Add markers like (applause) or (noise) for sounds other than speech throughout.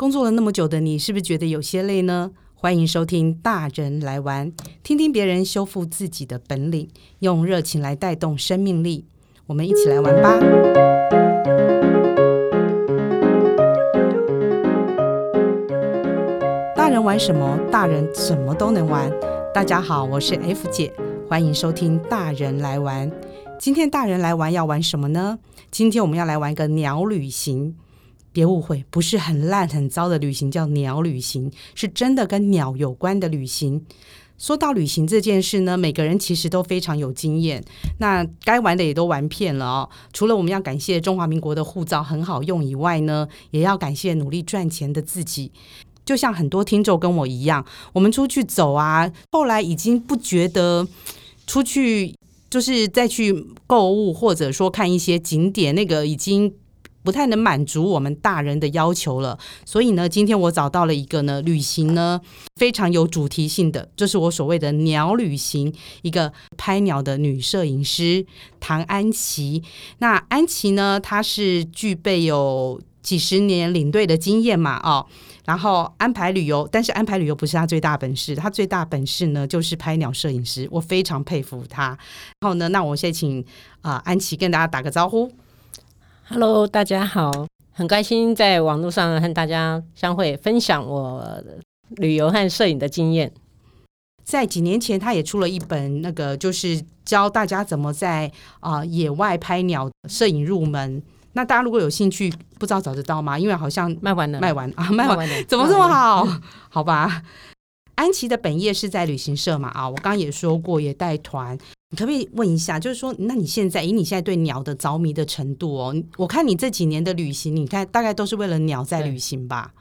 工作了那麼久的你，是不是覺得有些累呢？歡迎收聽《大人來玩》，聽聽別人修復自己的本領，用熱情來帶動生命力。我們一起來玩吧！大人玩什麼？大人怎麼都能玩。大家好，我是 F 姐，歡迎收聽《大人來玩》。今天大人來玩要玩什麼呢？今天我們要來玩一個鳥旅行。別誤會，不是很爛很糟的旅行，叫鳥旅行，是真的跟鳥有關的旅行。說到旅行這件事呢，每個人其實都非常有經驗，那該玩的也都玩遍了哦。除了我們要感謝中華民國的護照很好用以外呢，也要感謝努力賺錢的自己。就像很多聽眾跟我一樣，我們出去走啊，後來已經不覺得出去就是再去購物，或者說看一些景點，那個已經。不太能滿足我們大人的要求了，所以呢，今天我找到了一個呢，旅行呢非常有主題性的，就是我所謂的鳥旅行，一個拍鳥的女攝影師唐安琪。那安琪呢，她是具備有幾十年領隊的經驗嘛，哦，然後安排旅遊，但是安排旅遊不是她最大本事，她最大本事呢就是拍鳥攝影師，我非常佩服她。然後呢，那我先請啊、呃、安琪跟大家打個招呼。Hello，大家好，很開心在網絡上和大家相會，分享我旅遊和攝影的經驗。在幾年前，他也出了一本那個，就是教大家怎麼在啊、呃、野外拍鳥攝影入門。那大家如果有興趣，不知道找得到嗎？因為好像賣完了，賣完了啊，賣完了，怎麼這麼好？好吧。安琪的本業是在旅行社嘛？啊，我剛剛也說過，也帶團。你可不可以問一下，就是說，那你現在以你現在對鳥的着迷的程度哦，我看你這幾年的旅行，你看大概都是為了鳥在旅行吧？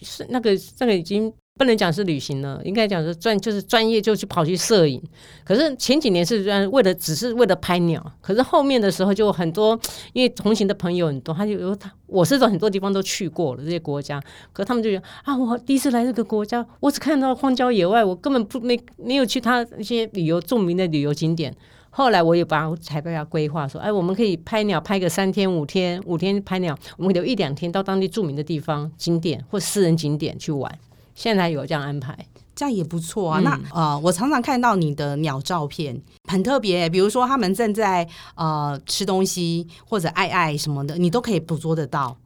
是那個，這個已經。不能講是旅行了，應該講是專就是專業，就去跑去攝影。可是前幾年是專為了，只是為了拍鳥。可是後面的時候，就很多因為同行的朋友很多，他就有他，我是說很多地方都去過了這些國家。可是他們就覺得啊，我第一次來這個國家，我只看到荒郊野外，我根本不沒沒有去他那些旅遊著名的旅遊景點。後來我也把才把它規劃說，哎，我們可以拍鳥拍個三天五天，五天拍鳥，我們留一兩天到當地著名的地方景點或私人景點去玩。現在有這樣安排，這樣也不錯啊。嗯、那呃，我常常看到你的鳥照片，很特別、欸。比如說，他們正在呃吃東西或者愛愛什麼的，你都可以捕捉得到。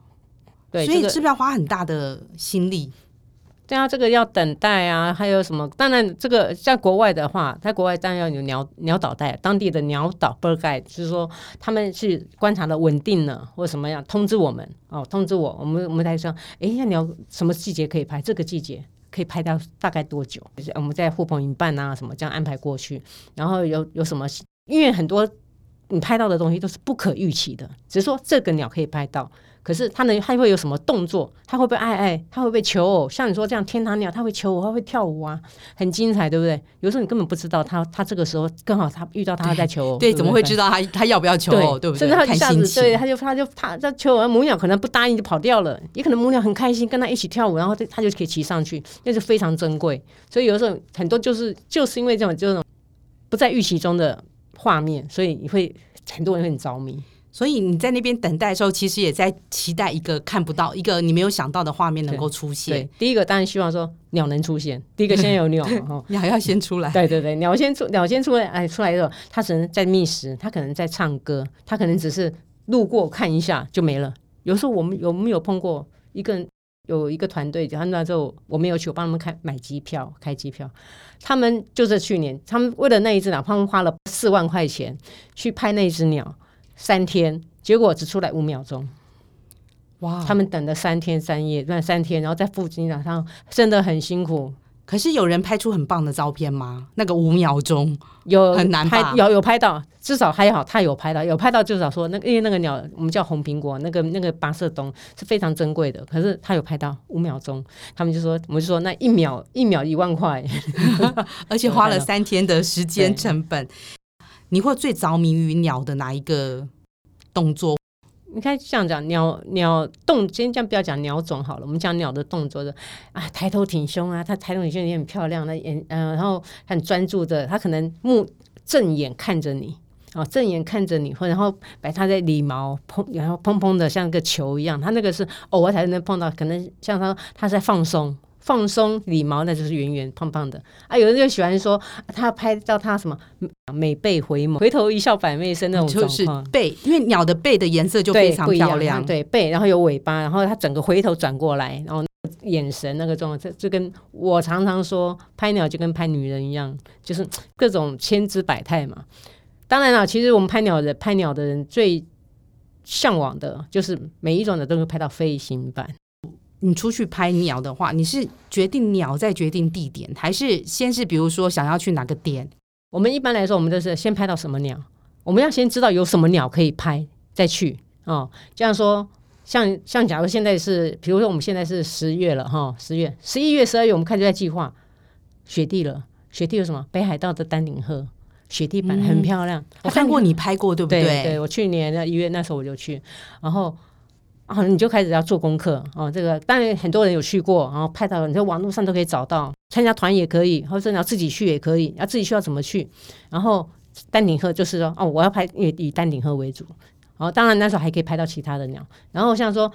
對、嗯，所以是不是要花很大的心力？對啊，這個要等待啊，還有什麼？當然，這個在國外的話，在國外當然要有鳥鳥導帶，當地的鳥導 bird guide，就是說他們去觀察的穩定了或者什麼樣，通知我們哦，通知我，我們我們才說，哎，那鳥什麼季節可以拍？這個季節可以拍到大概多久？我們在呼朋引伴啊，什麼這樣安排過去。然後有有什麼？因為很多你拍到的東西都是不可預期的，只是說這個鳥可以拍到。可是他能，他會有什麼動作？他會不會愛愛？他會不會求偶？像你說這樣天堂鳥，他會求偶，他會跳舞啊，很精彩，對不對？有時候你根本不知道他，他這個時候剛好他遇到他在求偶對對對，對，怎麼會知道他他要不要求偶？對,對不對？甚至他一下子，對，他就他就他他求偶母鳥可能不答應就跑掉了，也可能母鳥很開心跟他一起跳舞，然後他就可以騎上去，那是非常珍貴。所以有時候很多就是就是因為這種這、就是、種不在預期中的畫面，所以你會很多人會很着迷。所以你在那邊等待的時候，其實也在期待一個看不到、一個你沒有想到的畫面能夠出現。對。對，第一個當然希望說鳥能出現。第一個先有鳥，鳥 (laughs) 然後 (laughs) 要先出來。對對對，鳥先出，鳥先出來，哎，出來的時候，它只能在覓食，它可能在唱歌，它可能只是路過看一下就沒了。有時候我們有沒有碰過一個人有一個團隊，然後那時候我沒有去，我幫他們開買機票、開機票。他們就是去年，他們為了那一只鳥，哪怕花了四萬塊錢去拍那一只鳥。三天，結果只出來五秒鐘，哇、wow,！他們等了三天三夜，那三天，然後在附近晚上真的很辛苦。可是有人拍出很棒的照片嗎？那個五秒鐘有很難拍，有有拍到，至少還好他有拍到，有拍到至少說那個因為那個鳥我們叫紅蘋果，那個那個八色鶇是非常珍貴的，可是他有拍到五秒鐘，他們就說我們就說那一秒一秒一萬塊， (laughs) (laughs) 而且花了三天的時間成本。你會最着迷於鳥的哪一個動作？你看這樣講，鳥鳥動，今天這樣不要講鳥種好了，我們講鳥的動作的、就是、啊，抬頭挺胸啊，他抬頭挺胸也很漂亮，那眼嗯，然後很專注的，他可能目正眼看着你啊、哦，正眼看着你，或然後擺它的羽毛砰，然後砰砰的像一個球一樣，他那個是偶爾、哦、才能碰到，可能像他它，它是在放鬆。放鬆，羽毛，那就是圓圓胖胖的啊！有人就喜歡說、啊、他拍到他什麼美背回眸，回頭一笑百媚生那種就是背，因為鳥的背的顏色就非常漂亮。對，背，對背，然後有尾巴，然後他整個回頭轉過來，然後眼神那個狀，這就跟我常常說拍鳥就跟拍女人一樣，就是各種千姿百態嘛。當然了，其實我們拍鳥的拍鳥的人最嚮往的就是每一種的都會拍到飛行版。你出去拍鳥的話，你是決定鳥再決定地點，還是先是比如說想要去哪個點？我們一般來說，我們都是先拍到什麼鳥，我們要先知道有什麼鳥可以拍再去哦。這樣說，像像，假如現在是，比如說我們現在是十月了哈，十月、十一月、十二月，我們看就在計劃雪地了。雪地有什麼？北海道的丹頂鶴，雪地板、嗯、很漂亮，我看過你拍過，對不對？對，我去年的一月那時候我就去，然後。啊、哦，你就開始要做功課啊、哦，這個當然很多人有去過，然後拍到了，你在網絡上都可以找到，參加團也可以，或者你要自己去也可以。要自己需要怎麼去？然後丹頂鶴就是說，哦，我要拍，以以丹頂鶴為主。然、哦、後當然那時候還可以拍到其他的鳥。然後像說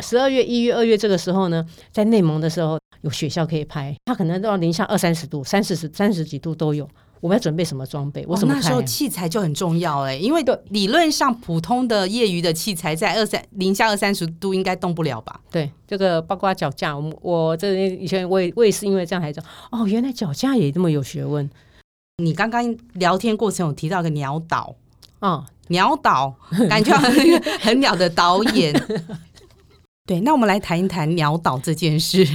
十二月、一月、二月這個時候呢，在內蒙的時候有雪鴞可以拍，它可能到零下二三十度、三四十、三十幾度都有。我們要準備什麼裝備？我麼、哦、那時候器材就很重要哎、欸，因為理論上普通的業餘的器材在二三零下二三十度應該動不了吧？對，這個包括腳架。我我這以前我也我也是因為這樣才說，哦，原來腳架也這麼有學問。你剛剛聊天過程有提到一個鳥導啊、嗯，鳥導感覺很很鳥的導演。 (laughs) 對，那我們來談一談鳥導這件事。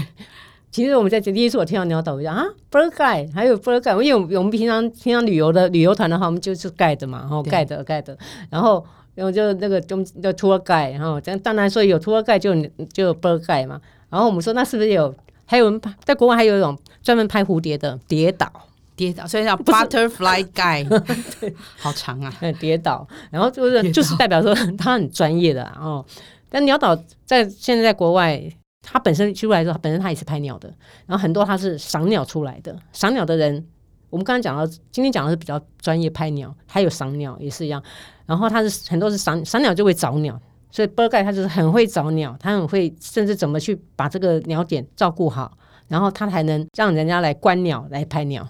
其實我們在第一次我聽到鳥導我就啊，bird guide，還有 bird guide。因為我們我們平常平常旅遊的旅遊團的話，我們就是 guide 嘛，哦、guide, guide, 然後 guide，guide，然後然後就那個中叫 tour guide，然、哦、後當然說有 tour guide 就就有 bird guide 嘛，然後我們說那是不是有還有人在國外還有一種專門拍蝴蝶的蝶導，蝶導，所以叫 butterfly guide， (laughs) 好長啊，蝶、嗯、導，然後就是就是代表說他很專業的哦，但鳥導在現在在國外。他本身出來的時候，它本身他也是拍鳥的，然後很多他是賞鳥出來的。賞鳥的人，我們剛剛講到，今天講的是比較專業拍鳥，還有賞鳥也是一樣。然後他是很多是賞賞鳥就會找鳥，所以波蓋他就是很會找鳥，他很會甚至怎麼去把這個鳥點照顧好，然後他才能讓人家來觀鳥來拍鳥。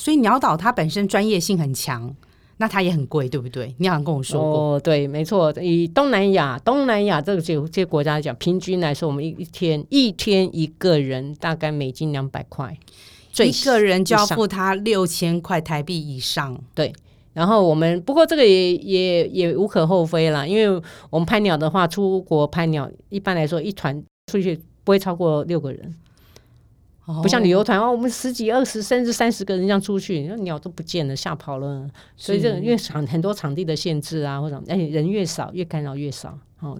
所以鳥導它本身專業性很強。那它也很貴，對不對？你好像跟我說過。哦，對，沒錯。以東南亞，東南亞這個這些國家來講，平均來說，我們一一天一天一個人大概美金兩百塊，一個人交付他六千塊台幣以上、以上。對，然後我們不過這個也也也無可厚非啦，因為我們拍鳥的話，出國拍鳥一般來說一團出去不會超過六個人。不像旅遊團哦，我們十幾、二十甚至三十個人這樣出去，鳥都不見了，嚇跑了。所以這因為場很多場地的限制啊，或者而且人越少越干擾越少，哦，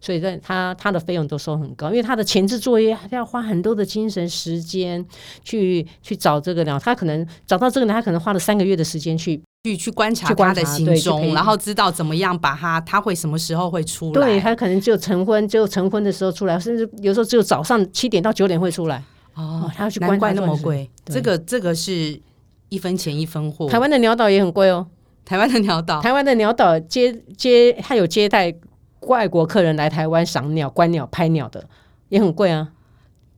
所以在他他的費用都收很高，因為他的前置作業他要花很多的精神時間去去找這個鳥，他可能找到這個鳥，他可能花了三個月的時間去去去觀察他的行蹤，然後知道怎麼樣把他，他會什麼時候會出來？對，他可能就晨昏就晨昏的時候出來，甚至有時候只有早上七點到九點會出來。哦，他要去觀鳥，難怪那麼貴。這個這個是一分錢一分貨。台灣的鳥導也很貴哦，台灣的鳥導，台灣的鳥導接接，還有接待外國客人來台灣賞鳥、觀鳥、拍鳥的，也很貴啊。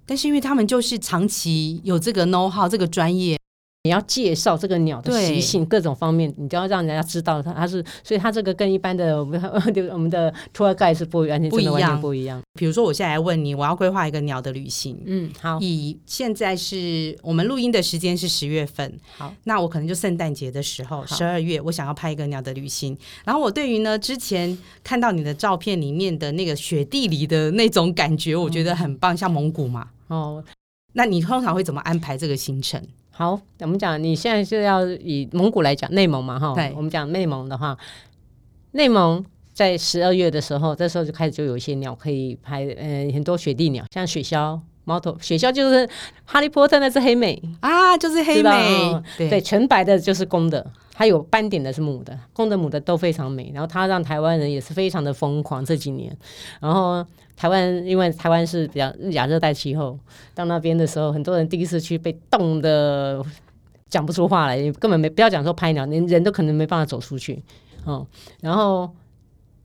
但是因為他們就是長期有這個 know how 這個專業。你要介紹這個鳥的習性，各種方面，你就要讓人家知道它它是，所以它這個跟一般的呵呵我們的 tour guide 是不完全不一樣不一樣。比如說，我現在來問你，我要規劃一個鳥的旅行，嗯，好，以現在是我們錄音的時間是十月份，好，那我可能就聖誕節的時候，十二月，我想要拍一個鳥的旅行。然後我對於呢，之前看到你的照片裡面的那個雪地裡的那種感覺，我覺得很棒，嗯、像蒙古嘛。哦，那你通常會怎麼安排這個行程？好，我們講，你現在就要以蒙古來講內蒙嘛，哈，我們講內蒙的話，內蒙在十二月的時候，這時候就開始就有一些鳥可以拍，嗯、呃，很多雪地鳥，像雪鴞。貓頭雪鴞就是《哈利波特》，那是黑美啊，就是黑美，對，純白的就是公的，它有斑點的是母的，公的母的都非常美。然後它讓台灣人也是非常的瘋狂這幾年，然後台灣因為台灣是比較亞熱帶氣候，到那邊的時候，很多人第一次去被凍的講不出話來，根本沒不要講說拍鳥，連人都可能沒辦法走出去，嗯，然後。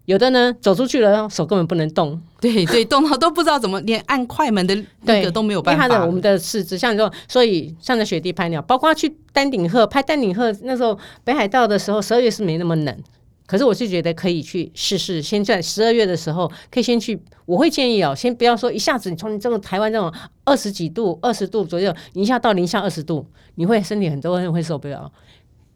有的呢，走出去了，手根本不能動。對，所以動到都不知道怎麼，連按快門的那個 (laughs) 都沒有辦法。因為我們的四肢，像你、就、說、是，所以像在雪地拍鳥，包括去丹頂鶴拍丹頂鶴，那時候北海道的時候，十二月是沒那麼冷，可是我是覺得可以去試試，先在十二月的時候可以先去。我會建議哦，先不要說一下子，從你這種台灣這種二十幾度、二十度左右，一下到零下二十度，你會身體很多人會受不了。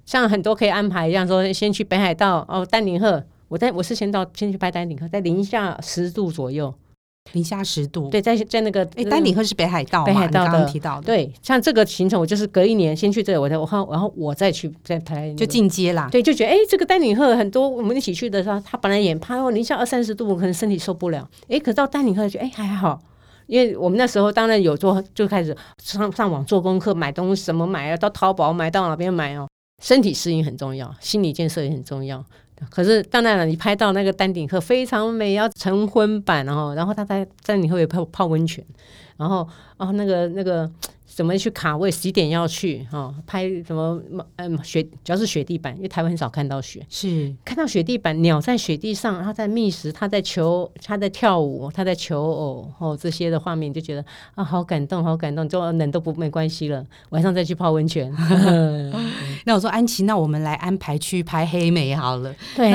像很多可以安排一樣，說先去北海道哦，丹頂鶴。我在我是先到先去拍丹頂鶴，在零下十度左右，零下十度。對，在在那個，那個、欸、丹頂鶴是北海道，北海道剛提到的。對，像這個行程，我就是隔一年先去這裡，我再我後然後我再去再拍，就進階啦。對，就覺得哎、欸，這個丹頂鶴很多。我們一起去的時候，他本來也怕哦、喔，零下二三十度，我可能身體受不了。哎，可到丹頂鶴就，哎還好，因為我們那時候當然有做，就開始上上網做功課，買東西什麼買啊？到淘寶買，到哪邊買哦、喔？身體適應很重要，心理建設也很重要。可是，當然了，你拍到那個丹頂鶴非常美，要成婚版哦，然後，然後他在丹頂鶴也泡泡溫泉，然後，哦，那個，那個。怎麼去卡位？幾點要去？哈，拍什麼？嗯，雪主要是雪地板，因為台灣很少看到雪，是看到雪地板，鳥在雪地上，它在覓食，它在求，它在跳舞，它在求偶，哦，這些的畫面就覺得啊，好感動，好感動，就冷都不沒關係了。晚上再去泡溫泉。 (laughs) (laughs) 那我說安琪，那我們來安排去拍黑莓好了。對，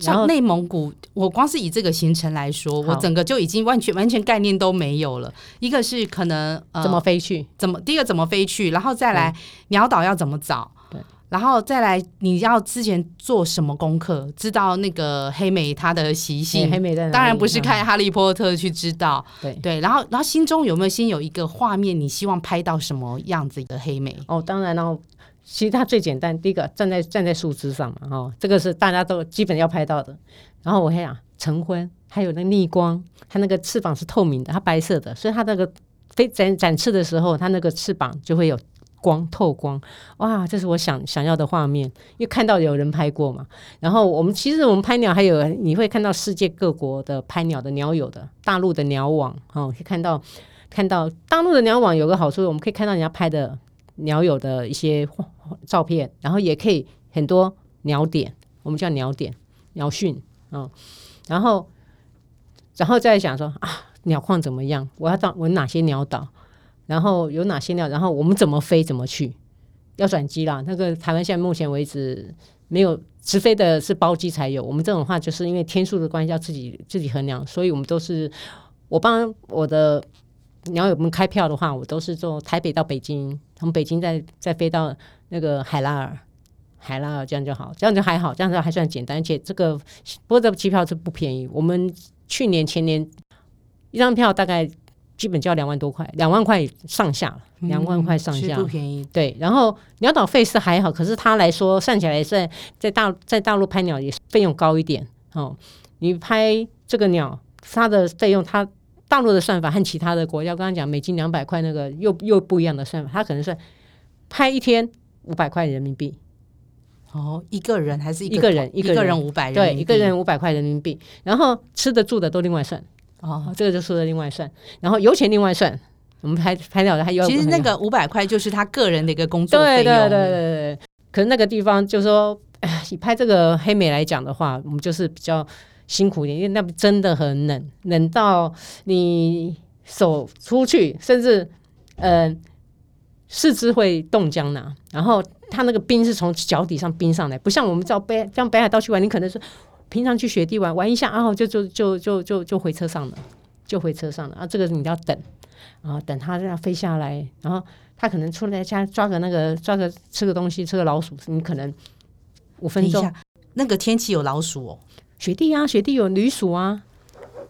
像內蒙古，我光是以這個行程來說，我整個就已經完全完全概念都沒有了。一個是可能、呃、怎麼飛去？怎麼？第一個怎麼飛去？然後再來鳥島要怎麼找？對，然後再來你要之前做什麼功課？知道那個黑美它的習性，黑美當然不是看哈利波特去知道。對對，然後然後心中有沒有先有一個畫面？你希望拍到什麼樣子的黑美？哦，當然嘍，其實它最簡單，第一個站在站在樹枝上哦，這個是大家都基本要拍到的。然後我還想晨昏，還有那個逆光，它那個翅膀是透明的，它白色的，所以它那個。飛展展翅的時候，它那個翅膀就會有光透光，哇！這是我想想要的畫面，因為看到有人拍過嘛。然後我們其實我們拍鳥，還有你會看到世界各國的拍鳥的鳥友的大陸的鳥網哦，可以看到看到大陸的鳥網有個好處，我們可以看到人家拍的鳥友的一些照片，然後也可以很多鳥點，我們叫鳥點鳥訊哦。然後然後再想說啊。鳥況怎麼樣？我要到我哪些鳥島？然後有哪些鳥？然後我們怎麼飛？怎麼去？要轉機啦。那個台灣現在目前為止沒有直飛的，是包機才有。我們這種話，就是因為天數的關係，要自己自己衡量。所以，我們都是我幫我的鳥友們開票的話，我都是坐台北到北京，從北京再再飛到那個海拉爾，海拉爾這樣就好，這樣就還好，這樣子還算簡單。且這個不過這機票是不便宜。我們去年、前年。一張票大概基本就要兩萬多塊，兩萬塊上下了，兩萬塊上下、嗯。對，然後鳥導費是還好，可是他來說算起來算在，在在大在大陸拍鳥也費用高一點哦。你拍這個鳥，它的費用，它大陸的算法和其他的國家，剛剛講美金兩百塊那個又又不一樣的算法，它可能是拍一天五百塊人民幣。哦，一個人還是一個人一個人五百人對一個人五百塊人民幣，然後吃的住的都另外算。哦，這個就說的另外算，然後油錢另外算。我們拍拍了的，還有其實那個五百塊就是他個人的一個工作費用。對對對對對。可是那個地方就是說，哎，你拍這個黑美來講的話，我們就是比較辛苦一點，因為那邊真的很冷，冷到你手出去甚至嗯、呃、四肢會凍僵呢。然後他那個冰是從腳底上冰上來，不像我們到北像北海道去玩，你可能是。平常去雪地玩玩一下啊，就就就就就就回車上了，就回車上了啊。這個你要等啊，等它這樣飛下來，然後它可能出來家抓個那個抓個吃個東西，吃個老鼠，你可能五分鐘。那個天氣有老鼠哦，雪地啊，雪地有旅鼠啊，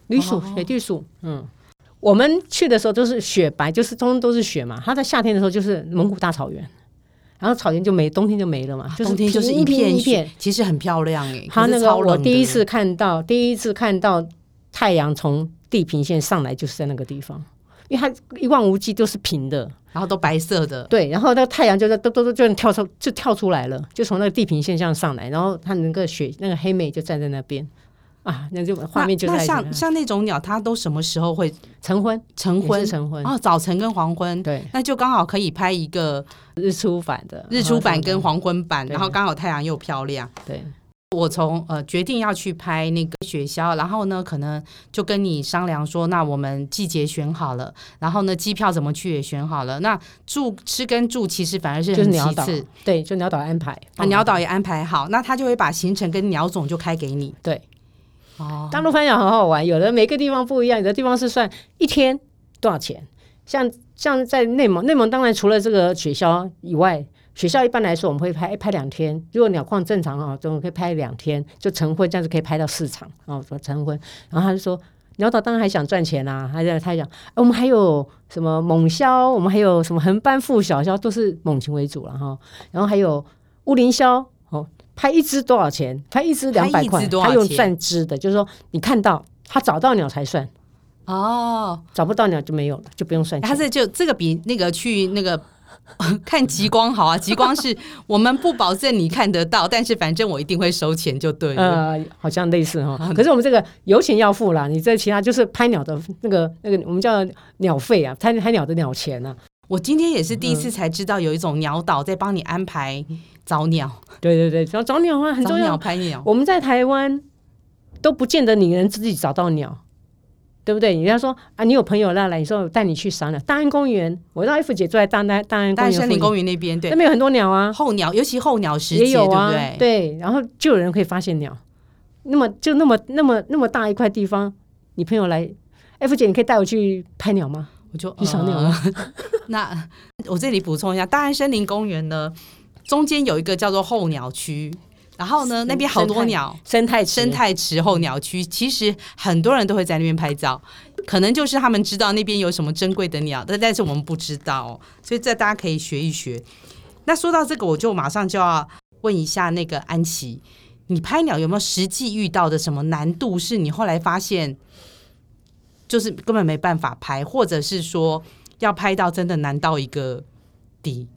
旅鼠，哦哦，雪地鼠。嗯，我們去的時候都是雪白，就是通通都是雪嘛。它在夏天的時候就是蒙古大草原。然後草原就沒冬天就沒了嘛，啊、冬天就是一片，一片一片，其實很漂亮哎、欸。他那個我第一次看到，第一次看到太陽從地平線上來，就是在那個地方，因為它一望無際都是平的，然後都白色的。對，然後那個太陽就在咚咚咚就跳出就跳出來了，就從那個地平線上上來，然後他那個雪那個黑妹就站在那邊。啊，那就畫面就在裡面那，那像像那種鳥，它都什麼時候會晨昏？晨昏，晨昏哦，早晨跟黃昏，對，那就剛好可以拍一個日出版的日出版跟黃昏版，好好然後剛好太陽又，又漂亮，對。我從呃決定要去拍那個雪鴞，然後呢，可能就跟你商量說，那我們季節選好了，然後呢，機票怎麼去也選好了，那住吃跟住其實反而是很其次，就是鳥，對，就鳥導安排，啊，鳥導也安排好，那他就會把行程跟鳥種就開給你，對。哦，大陸翻鳥很好玩，有的每個地方不一樣，有的地方是算一天多少錢。像像在內蒙，內蒙當然除了這個雪鴞以外，雪鴞一般來說我們會拍、欸、拍兩天，如果鳥況正常啊，總共可以拍兩天，就晨昏這樣子可以拍到四場啊，說晨昏。然後他就說，鳥導當然還想賺錢啊，他在他講，我們還有什麼猛鴞，我們還有什麼橫斑腹小鴞，都是猛禽為主了哈、哦，然後還有烏林鴞。哦，拍一隻多少錢？拍一隻兩百塊。他有算隻的，就是說你看到他找到鳥才算哦，找不到鳥就沒有了，就不用算。他這就這個比那個去那個 (laughs) 看極光好啊！極光是我們不保證你看得到， (laughs) 但是反正我一定會收錢就對了。呃，好像類似哈、哦， (laughs) 可是我們這個油錢要付啦。你這其他就是拍鳥的那個那個，我們叫鳥費啊，拍拍鳥的鳥錢啊。我今天也是第一次才知道有一種鳥導、嗯、在幫你安排。找鳥，對對對，找找鳥啊，很重要。找鳥拍鳥，我們在台灣都不見得你能自己找到鳥，對不對？人家說啊，你有朋友來，你說我帶你去賞鳥。大安公園，我讓 F 姐坐在大安大安大安大安森林公園那邊，對，那邊有很多鳥啊，候鳥，尤其候鳥時節也有啊對。對，然後就有人可以發現鳥。那麼就那麼那麼那麼大一塊地方，你朋友來，F 姐，你可以帶我去拍鳥嗎？我就去賞鳥了、啊。呃、 (laughs) 那我這裡補充一下，大安森林公園呢？中間有一個叫做候鳥區，然後呢，那邊好多鳥，生態生態池，生態池候鳥區，其實很多人都會在那邊拍照，可能就是他們知道那邊有什麼珍貴的鳥，但但是我們不知道，所以這大家可以學一學。那說到這個，我就馬上就要問一下那個安琪，你拍鳥有沒有實際遇到的什麼難度？是你後來發現，就是根本沒辦法拍，或者是說要拍到真的難到一個底？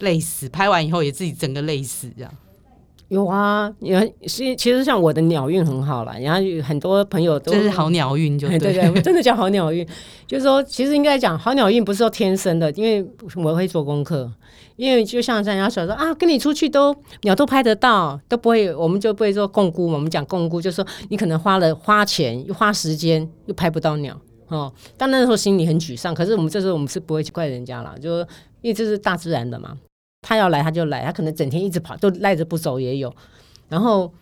累死，拍完以後也自己整個累死這樣。有啊，因為其實其實像我的鳥運很好了，然後有很多朋友都是好鳥運，就、哎、對對，真的叫好鳥運， (laughs) 就是說其實應該講好鳥運不是說天生的，因為我會做功課，因為就像人家說說啊，跟你出去都鳥都拍得到，都不會，我們就不會說槓龜，嘛，我們講槓龜，就是說你可能花了花錢、又花時間又拍不到鳥哦，但那時候心裡很沮喪。可是我們這時候我們是不會去怪人家了，就說因為這是大自然的嘛。他要來他就來，他可能整天一直跑，都賴着不走也有。然後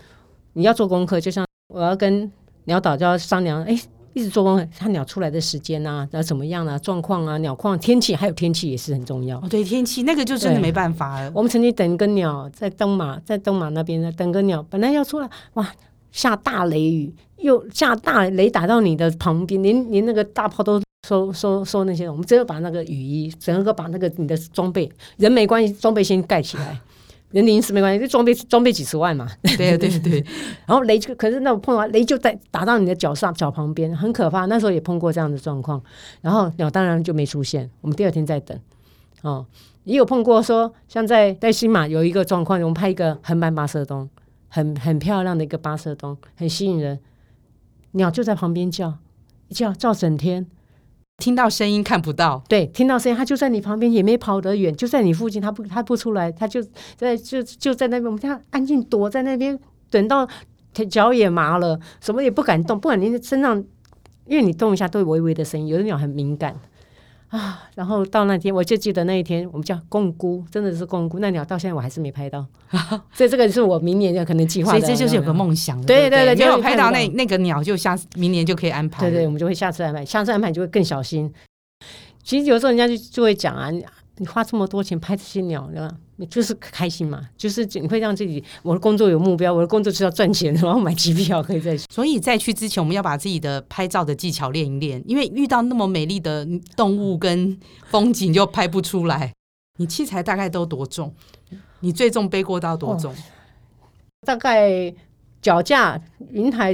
你要做功課，就像我要跟鳥導就要商量，哎、欸，一直做功課，看鳥出來的時間啊，然後怎麼樣啊，狀況啊，鳥況、啊、天氣，還有天氣也是很重要。哦、對，天氣那個就真的沒辦法了。我們曾經等一個鳥在東馬，在東馬那邊等個鳥，本來要出來，哇，下大雷雨，又下大雷打到你的旁邊，連連那個大炮都。說說說那些，我們只有把那個雨衣，整個把那個你的裝備，人沒關係，裝備先蓋起來。啊、人臨時沒關係，這裝備裝備幾十萬嘛，對對對，對。然後雷就，可是那我碰到雷就在打到你的腳上腳旁邊，很可怕。那時候也碰過這樣的狀況。然後鳥當然就沒出現，我們第二天再等。哦，也有碰過說，像在在新馬有一個狀況，我們拍一個橫版八色鶇，很很漂亮的一個八色鶇，很吸引人。鳥就在旁邊叫，一叫叫整天。聽到聲音看不到，對，聽到聲音，它就在你旁邊，也沒跑得遠，就在你附近，它不，它不出來，它就在，就就在那邊，我們這樣安靜躲在那邊，等到腿腳也麻了，什麼也不敢動，不管你身上，因為你動一下都有微微的聲音，有的鳥很敏感。啊，然後到那天，我就記得那一天，我們叫公姑，真的是公姑。那鳥到現在我還是沒拍到， (laughs) 所以這個是我明年的可能計劃的。所以這就是有個夢想。對對對，對，對對，沒有拍到那那個鳥，就下明年就可以安排。對，對對，我們就會下次安排，下次安排就會更小心。其實有時候人家就就會講啊。你花這麼多錢拍這些鳥，對吧？你就是開心嘛，就是你會讓自己我的工作有目標，我的工作是要賺錢，然後買機票可以在，所以在去之前，我們要把自己的拍照的技巧練一練，因為遇到那麼美麗的動物跟風景就拍不出來。 (laughs) 你器材大概都多重？你最重背過到多重？哦、大概腳架、雲台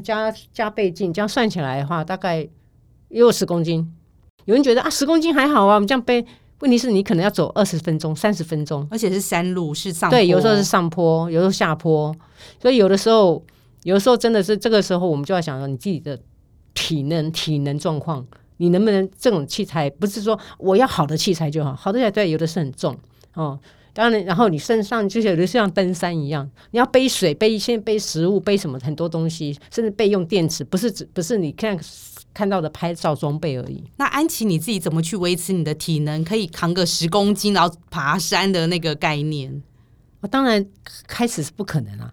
加加倍鏡，這樣算起來的話，大概也有十公斤。有人覺得啊，十公斤還好啊，我們這樣背，問題是你可能要走二十分鐘、三十分鐘，而且是山路，是上坡對，有時候是上坡，有時候下坡，所以有的時候，有的時候真的是這個時候，我們就要想到你自己的體能、體能狀況，你能不能這種器材？不是說我要好的器材就好，好的器材對，有的是很重哦。嗯當然，然後你身上就是有像登山一樣，你要背水、背一些，背食物、背什麼很多東西，甚至備用電池，不是只不是你看看到的拍照裝備而已。那安琪，你自己怎麼去維持你的體能，可以扛個十公斤然後爬山的那個概念？我當然開始是不可能啊，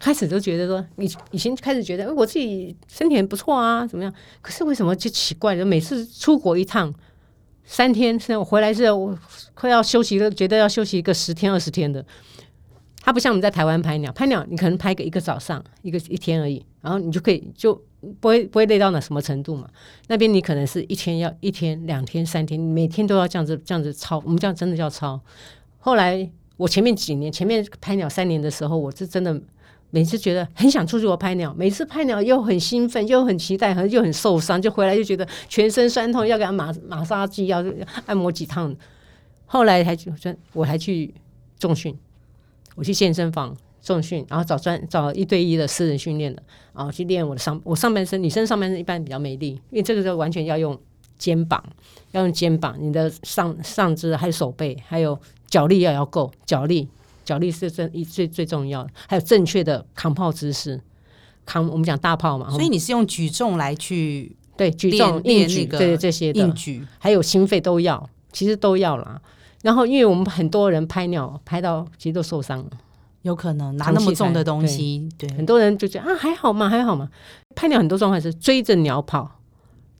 開始都覺得說，你，已經開始覺得，哎，我自己身體很不錯啊，怎麼樣？可是為什麼就奇怪就每次出國一趟。三天，現在我回來是我快要休息了，覺得要休息一個十天二十天的。他不像我們在台灣拍鳥，拍鳥你可能拍個一個早上，一個一天而已，然後你就可以就不會不會累到那什麼程度嘛。那邊你可能是一天要一天、兩天、三天，你每天都要這樣子這樣子操，我們這樣真的要操。後來我前面幾年，前面拍鳥三年的時候，我是真的。每次覺得很想出去我拍鳥，每次拍鳥又很興奮，又很期待，很又很受傷，就回來就覺得全身痠痛，要給他馬馬殺雞，要按摩幾趟。後來還就說我還去重訓，我去健身房重訓，然後找專找一對一的私人訓練的，然後去練我的上我上半身，女生上半身一般比較沒力，因為這個時候完全要用肩膀，要用肩膀，你的上上肢還有手背，還有腳力要要夠腳力。小力是正最最，最重要的，還有正確的扛炮姿勢，扛我們講大炮嘛。所以你是用舉重來去對舉重練硬舉，對，對，對這些的硬舉，還有心肺都要，其實都要啦。然後，因為我們很多人拍鳥拍到其實都受傷，有可能拿那麼重的東西，對，對，對很多人就覺得啊還好嘛還好嘛。拍鳥很多狀態是追着鳥跑，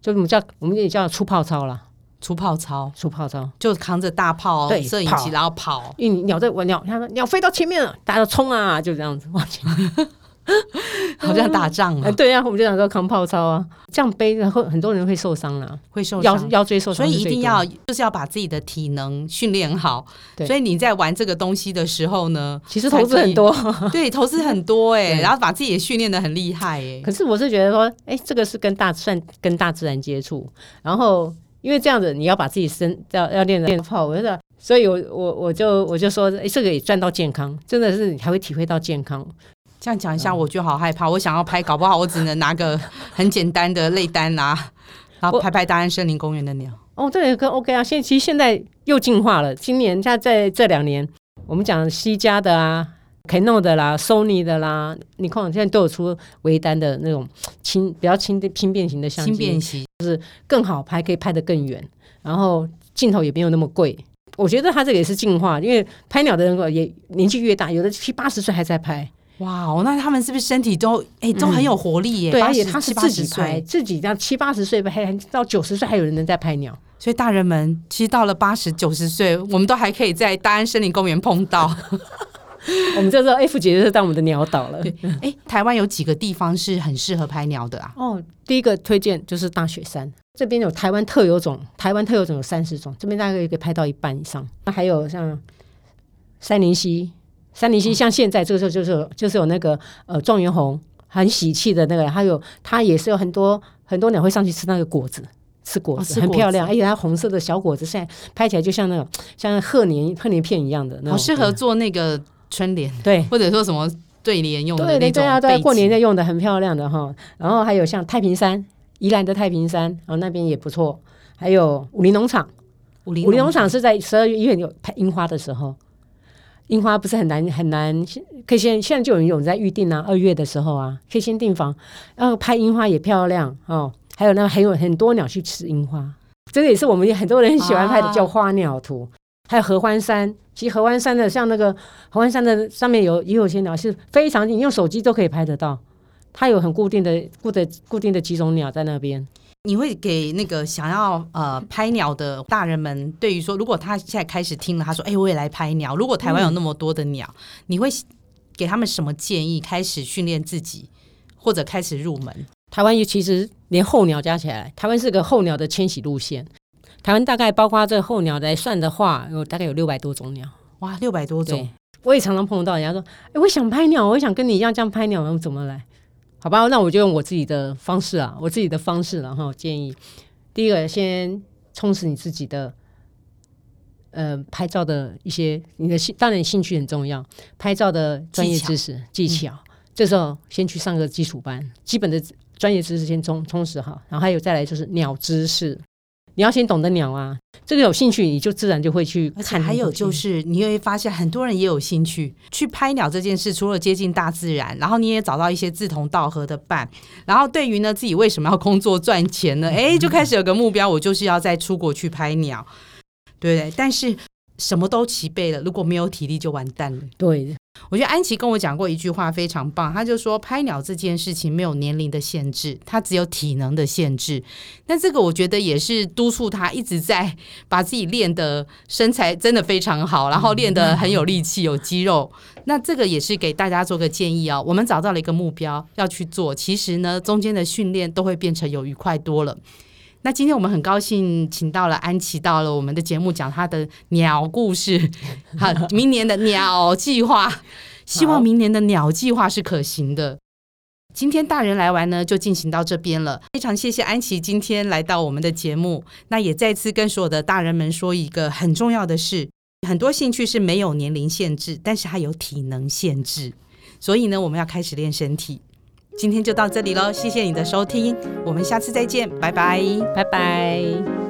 就我們叫我們也叫出炮操了。出炮操，出炮操，就扛着大炮，攝影機，然後跑。因為鳥在玩鳥，他說鳥飛到前面了，大家衝啊，就這樣子往前， (laughs) 好像打仗啊、嗯欸。對啊，我們就想說扛炮操啊，這樣背，然後很多人會受傷了、啊，會受傷腰腰椎受傷，所以一定要就，就是要把自己的體能訓練好。所以你在玩這個東西的時候呢，其實投資很多， (laughs) 對，投資很多哎、欸，然後把自己也訓練得很厲害哎、欸。可是我是覺得說，哎、欸，這個是跟大算跟大自然接觸，然後。因為這樣子，你要把自己身要要練得練好，我覺得，所以我我我就我就說，哎、欸，這個也賺到健康，真的是你還會體會到健康。這樣講一下，我就好害怕、嗯。我想要拍，搞不好我只能拿個很簡單的類單啊， (laughs) 然後拍拍大安森林公園的鳥。哦，這個 OK 啊，現其實現在又進化了，今年像在這兩年，我們講西家的啊。Canon 的啦，Sony 的啦，你看現在都有出微單的那種輕比較輕輕便型的相機，輕便就是更好拍，可以拍得更遠，然後鏡頭也沒有那麼貴。我覺得他這個也是進化，因為拍鳥的人也年紀越大，有的七八十歲還在拍哇。哇，那他們是不是身體都哎、欸、都很有活力耶，欸？對、嗯，80, 80, 他，他是自己拍，70, 自己這樣七八十歲還到九十歲還有人能在拍鳥，所以大人們其實到了八十九十歲，我們都還可以在大安森林公園碰到。 (laughs) (laughs) 我們在這 F 姐就是當我們的鳥導了，嗯誒。台灣有幾個地方是很適合拍鳥的啊？哦，第一個推薦就是大雪山，這邊有台灣特有種，台灣特有種有三十種，這邊大概可以拍到一半以上。那、啊、還有像杉林溪，杉林溪像現在這個時候就是有、嗯、就是有那個呃狀元紅，很喜氣的那個，還有它也是有很多很多鳥會上去吃那個果子，吃果子、哦、吃果子很漂亮，而、哦、且、哎、它紅色的小果子，現在拍起來就像那種像賀年賀年片一樣的那，好適合做那個。春聯對，或者說什麼對聯用的對，對對，過年在用的，很漂亮的哈。然後還有像太平山，宜蘭的太平山，然後那邊也不錯。還有武陵農場，武陵農場，陵農場是在十二月、一月有拍櫻花的時候，櫻花不是很難很難，現可以先現在就有人在預定啊，二月的時候啊，可以先訂房，然後拍櫻花也漂亮哦。還有那很有很多鳥去吃櫻花，這個也是我們很多人喜歡拍的，啊、叫花鳥圖。還有合歡山，其實合歡山的像那個合歡山的上面有也有些鳥，是非常你用手機都可以拍得到。它有很固定的、固的、固定的幾種鳥在那邊。你會給那個想要呃拍鳥的大人們，對於說如果他現在開始聽了，他說：“哎、欸，我也來拍鳥。”如果台灣有那麼多的鳥、嗯，你會給他們什麼建議？開始訓練自己，或者開始入門？台灣其實連候鳥加起來，台灣是個候鳥的遷徙路線。台灣大概包括這候鳥來算的話，有大概有六百多種鳥。哇，六百多種！我也常常碰到人家說：“哎、欸，我想拍鳥，我想跟你一樣這樣拍鳥，那我怎麼來？”好吧，那我就用我自己的方式啊，我自己的方式。然後建議第一個先充實你自己的呃拍照的一些你的興，當然興趣很重要。拍照的專業知識技巧，技巧、嗯，這時候先去上個基礎班，基本的專業知識先充充實好，然後還有，再來就是鳥知識。你要先懂得鳥啊，這個有興趣，你就自然就會去看。還有就是，你會發現很多人也有興趣去拍鳥這件事。除了接近大自然，然後你也找到一些志同道合的伴。然後對於呢，自己為什麼要工作賺錢呢？哎，就開始有個目標，我就是要在出國去拍鳥，對不對？但是。什麼都齊備了，如果沒有體力就完蛋了。對，我覺得安琪跟我講過一句話非常棒，他就說，拍鳥這件事情沒有年齡的限制，它只有體能的限制。那這個我覺得也是督促他一直在把自己練得身材真的非常好，然後練得很有力氣、嗯、有肌肉。那這個也是給大家做個建議哦，我們找到了一個目標要去做，其實呢，中間的訓練都會變成有愉快多了。那今天我們很高興請到了安琪，到了我們的節目，講她的鳥故事。 (laughs) 好，明年的鳥計劃， (laughs) 希望明年的鳥計劃是可行的。今天大人來玩呢，就進行到這邊了。非常謝謝安琪今天來到我們的節目。那也再次跟所有的大人們說一個很重要的事：很多興趣是沒有年齡限制，但是它有體能限制。所以呢，我們要開始練身體。今天就到這裡嘍，謝謝你的收聽，我們下次再見，拜拜，拜拜。